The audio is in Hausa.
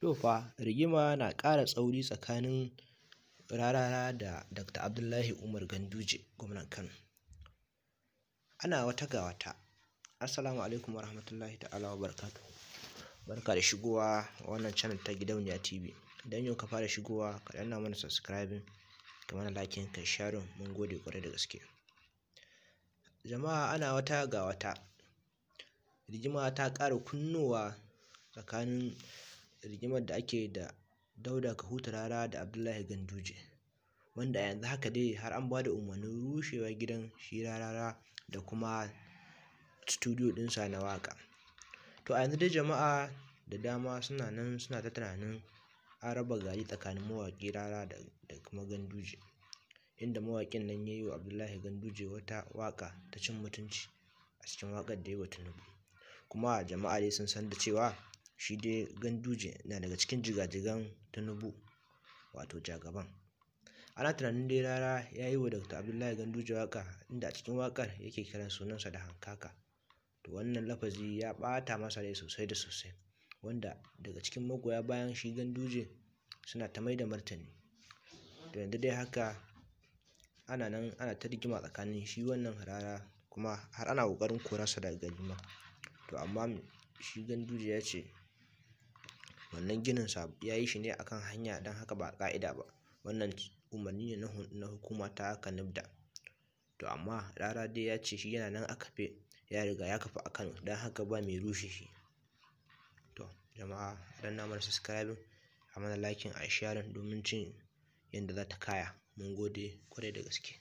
To fa rigima na ƙara tsauri tsakanin Rarara da Dr. Abdullahi Umar Ganduje gwamnan Kano. Ana wata ga wata. Assalamu alaikum wa rahmatullahi ta'ala wa barkatu. Barka da shigowa wannan channel ta gidauniya TV. Idan yau ka fara shigowa ka danna mana subscribing ka mana lakin ka share mun gode kwarai da gaske. Jama'a ana wata ga wata. Rigima ta ƙara kunnowa tsakanin rigimar da ake da Dauda huta rara da Abdullahi Ganduje wanda a yanzu haka dai har an ba da umarnin rushewa gidan shi rara da kuma studio ɗinsa na waƙa. To a yanzu dai jama'a da dama suna nan suna ta tunanin an raba gari tsakanin mawaƙi Rara da, kuma Ganduje inda mawaƙin nan ya yi wa Abdullahi Ganduje wata waƙa ta cin mutunci a cikin wakar da ya yi wa Tinubu. Kuma jama'a dai sun san da cewa shi dai ganduje na daga cikin jigajigan tinubu wato jagaban ana tunanin dai rara ya yi wa dr abdullahi ganduje waka inda a cikin wakar yake kiran sunansa da hankaka to wannan lafazi ya ɓata masa rai sosai da sosai wanda daga cikin magoya bayan shi ganduje suna ta maida martani to yanzu dai haka ana nan ana ta rigima tsakanin shi wannan rara kuma har ana ƙoƙarin korarsa daga ganima to amma shi ganduje ya ce wannan ginin sa ya yi shi ne a kan hanya don haka ba a ƙa'ida ba wannan umarni ne na hukuma ta kanibda to amma rara dai ya ce shi yana nan a kafe ya riga ya kafa a kano don haka ba mai rushe shi to jama'a don na mana subscribing a mana liking a sharing domin cin yadda za ta kaya mun gode kwarai da gaske